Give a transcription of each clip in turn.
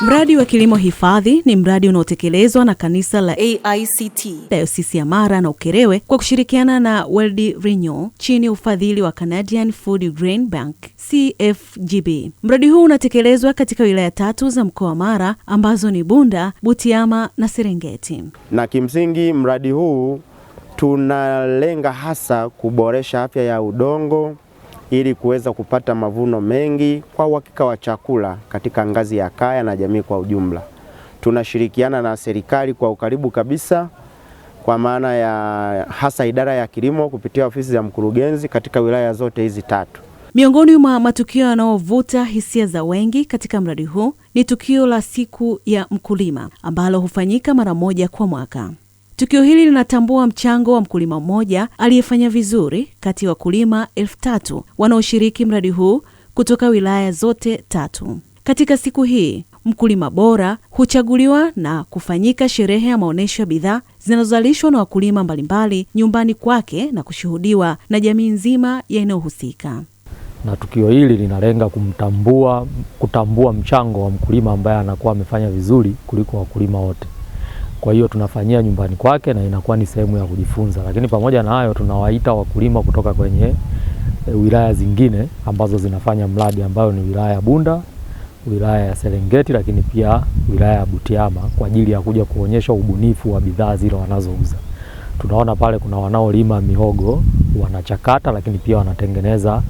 Mradi wa kilimo hifadhi ni mradi unaotekelezwa na kanisa la AICT dayosisi ya Mara na Ukerewe kwa kushirikiana na World Renew chini ya ufadhili wa Canadian Food Grain Bank CFGB. Mradi huu unatekelezwa katika wilaya tatu za mkoa wa Mara ambazo ni Bunda, Butiama na Serengeti. Na kimsingi mradi huu tunalenga hasa kuboresha afya ya udongo ili kuweza kupata mavuno mengi kwa uhakika wa chakula katika ngazi ya kaya na jamii kwa ujumla. Tunashirikiana na serikali kwa ukaribu kabisa, kwa maana ya hasa idara ya kilimo kupitia ofisi za mkurugenzi katika wilaya zote hizi tatu. Miongoni mwa matukio yanayovuta hisia za wengi katika mradi huu ni tukio la siku ya mkulima ambalo hufanyika mara moja kwa mwaka. Tukio hili linatambua mchango wa mkulima mmoja aliyefanya vizuri kati ya wakulima elfu tatu wanaoshiriki mradi huu kutoka wilaya zote tatu. Katika siku hii mkulima bora huchaguliwa na kufanyika sherehe ya maonyesho ya bidhaa zinazozalishwa na wakulima mbalimbali nyumbani kwake na kushuhudiwa na jamii nzima ya eneo husika. Na tukio hili linalenga kumtambua, kutambua mchango wa mkulima ambaye anakuwa amefanya vizuri kuliko wakulima wote. Kwa hiyo tunafanyia nyumbani kwake na inakuwa ni sehemu ya kujifunza, lakini pamoja na hayo tunawaita wakulima kutoka kwenye e, wilaya zingine ambazo zinafanya mradi ambayo ni wilaya ya Bunda, wilaya ya Serengeti, lakini pia wilaya ya Butiama kwa ajili ya kuja kuonyesha ubunifu wa bidhaa zile wanazouza. Tunaona pale kuna wanaolima mihogo wanachakata, lakini pia wanatengeneza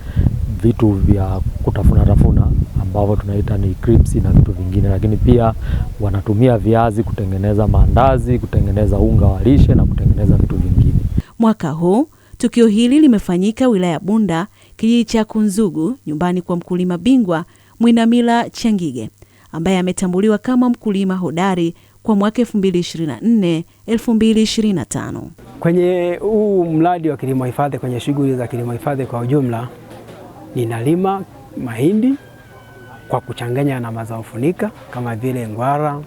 vitu vya kutafuna tafuna ambavyo tunaita ni crisps na vitu vingine, lakini pia wanatumia viazi kutengeneza maandazi, kutengeneza unga wa lishe na kutengeneza vitu vingine. Mwaka huu tukio hili limefanyika wilaya Bunda, kijiji cha Kunzugu, nyumbani kwa mkulima bingwa Mwinamila Changige ambaye ametambuliwa kama mkulima hodari kwa mwaka 2024 2025. Kwenye huu mradi wa kilimo hifadhi, kwenye shughuli za kilimo hifadhi kwa ujumla, ninalima mahindi kwa kuchanganya na mazao funika kama vile ngwara,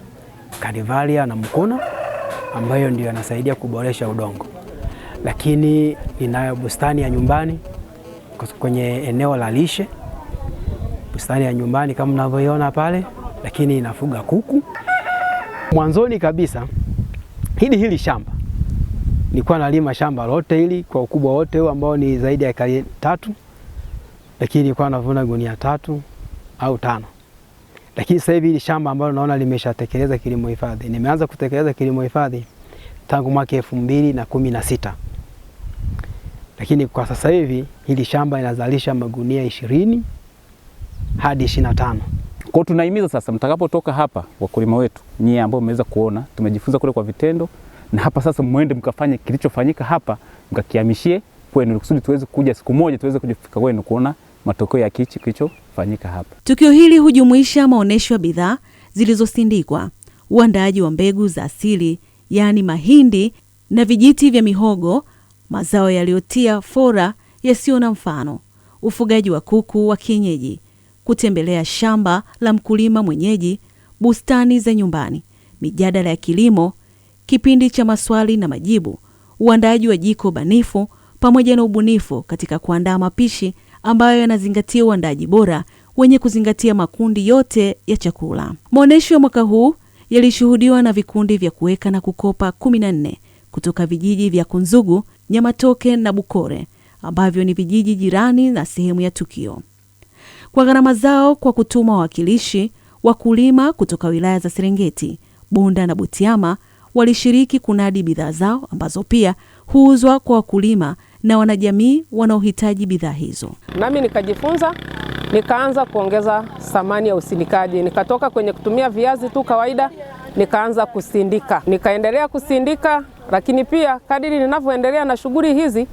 kadivalia na mkuna ambayo ndio yanasaidia kuboresha udongo. Lakini ninayo bustani ya nyumbani kwenye eneo la lishe, bustani ya nyumbani kama mnavyoiona pale, lakini inafuga kuku. Mwanzoni kabisa hili hili shamba nilikuwa nalima shamba lote hili kwa ukubwa wote huu ambao ni zaidi ya ekari tatu, lakini nilikuwa navuna gunia tatu au tano. Lakini sasa hivi hili shamba ambalo naona limeshatekeleza kilimo hifadhi, nimeanza kutekeleza kilimo hifadhi tangu mwaka elfu mbili na kumi na sita lakini kwa sasa hivi hili shamba linazalisha magunia ishirini hadi ishirini na tano. Kwa hiyo tunahimiza sasa, mtakapotoka hapa, wakulima wetu nyie ambao mmeweza kuona, tumejifunza kule kwa vitendo, na hapa sasa mwende mkafanye kilichofanyika hapa, mkakihamishie kwenu, kusudi tuweze kuja siku moja tuweze kujifika kwenu kuona matokeo ya kichi kilicho kufanyika hapa. Tukio hili hujumuisha maonyesho ya bidhaa zilizosindikwa, uandaaji wa mbegu za asili yaani mahindi na vijiti vya mihogo, mazao yaliyotia fora yasiyo na mfano, ufugaji wa kuku wa kienyeji, kutembelea shamba la mkulima mwenyeji, bustani za nyumbani, mijadala ya kilimo, kipindi cha maswali na majibu, uandaaji wa jiko banifu pamoja na ubunifu katika kuandaa mapishi ambayo yanazingatia uandaji bora wenye kuzingatia makundi yote ya chakula. Maonyesho ya mwaka huu yalishuhudiwa na vikundi vya kuweka na kukopa 14 kutoka vijiji vya Kunzugu, Nyamatoke na Bukore ambavyo ni vijiji jirani na sehemu ya tukio. Kwa gharama zao kwa kutuma wawakilishi, wakulima kutoka wilaya za Serengeti, Bunda na Butiama walishiriki kunadi bidhaa zao ambazo pia huuzwa kwa wakulima na wanajamii wanaohitaji bidhaa hizo. Nami nikajifunza nikaanza kuongeza thamani ya usindikaji, nikatoka kwenye kutumia viazi tu kawaida, nikaanza kusindika, nikaendelea kusindika. Lakini pia kadiri ninavyoendelea na shughuli hizi,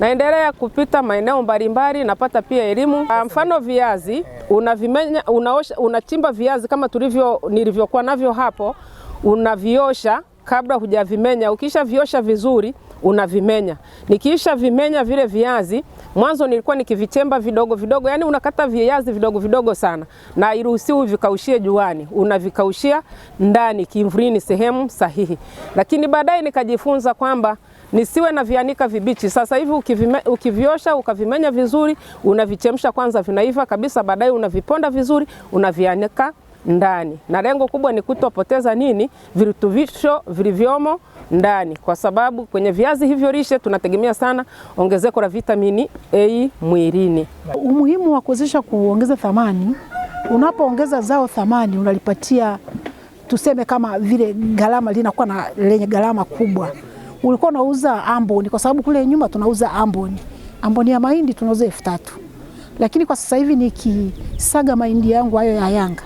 naendelea kupita maeneo mbalimbali, napata pia elimu. Mfano viazi unavimenya, unaosha, unachimba viazi kama tulivyo nilivyokuwa navyo hapo, unaviosha kabla hujavimenya. Ukisha viosha vizuri unavimenya. Nikiisha vimenya vile viazi, mwanzo nilikuwa nikivichemba vidogo vidogo, yani unakata viazi vidogo vidogo sana, na iruhusiwi vikaushie juani, unavikaushia ndani kimvulini, sehemu sahihi. Lakini baadaye nikajifunza kwamba nisiwe na vianika vibichi. Sasa hivi ukivime, ukiviosha ukavimenya vizuri, unavichemsha kwanza, vinaiva kabisa, baadaye unaviponda vizuri, unavianika ndani, na lengo kubwa ni kutopoteza nini virutubisho vilivyomo ndani, kwa sababu kwenye viazi hivyo lishe tunategemea sana ongezeko la vitamini A mwilini. Umuhimu wa kuwezesha kuongeza thamani, unapoongeza zao thamani unalipatia tuseme kama vile gharama linakuwa na lenye gharama kubwa. Ulikuwa unauza amboni, kwa sababu kule nyuma tunauza amboni, amboni ya mahindi tunauza elfu tatu lakini kwa sasa hivi nikisaga mahindi yangu hayo ya Yanga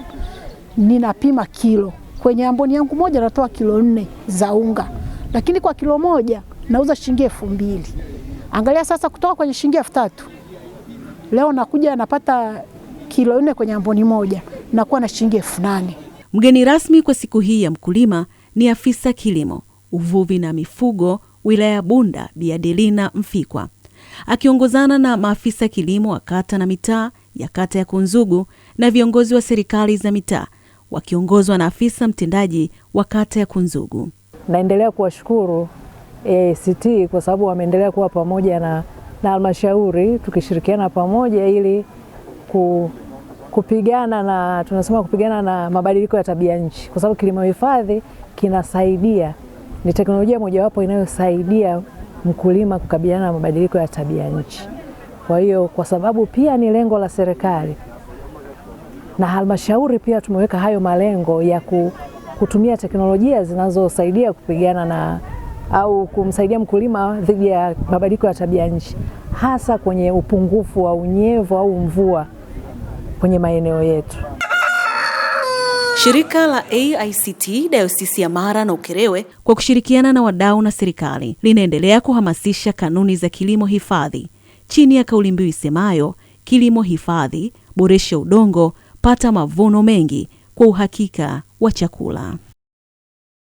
ninapima kilo kwenye amboni yangu moja natoa kilo nne za unga lakini kwa kilo moja nauza shilingi elfu mbili. Angalia sasa, kutoka kwenye shilingi elfu tatu leo nakuja napata kilo nne kwenye amboni moja, nakuwa na shilingi elfu nane. Mgeni rasmi kwa siku hii ya mkulima ni afisa kilimo, uvuvi na mifugo wilaya ya Bunda Bi Adelina Mfikwa akiongozana na maafisa kilimo wa kata na mitaa ya kata ya Kunzugu na viongozi wa serikali za mitaa wakiongozwa na afisa mtendaji wa kata ya Kunzugu naendelea kuwashukuru AICT kwa sababu wameendelea kuwa pamoja na na halmashauri tukishirikiana pamoja ili ku, kupigana na tunasema kupigana na mabadiliko ya tabia nchi, kwa sababu kilimo hifadhi kinasaidia, ni teknolojia mojawapo inayosaidia mkulima kukabiliana na mabadiliko ya tabia nchi. Kwa hiyo kwa sababu pia ni lengo la serikali na halmashauri pia tumeweka hayo malengo ya ku kutumia teknolojia zinazosaidia kupigana na au kumsaidia mkulima dhidi ya mabadiliko ya tabia nchi, hasa kwenye upungufu wa unyevu au mvua kwenye maeneo yetu. Shirika la AICT Dayosisi ya Mara na Ukerewe kwa kushirikiana na wadau na serikali linaendelea kuhamasisha kanuni za kilimo hifadhi chini ya kauli mbiu isemayo kilimo hifadhi, boresha udongo, pata mavuno mengi kwa uhakika wa chakula.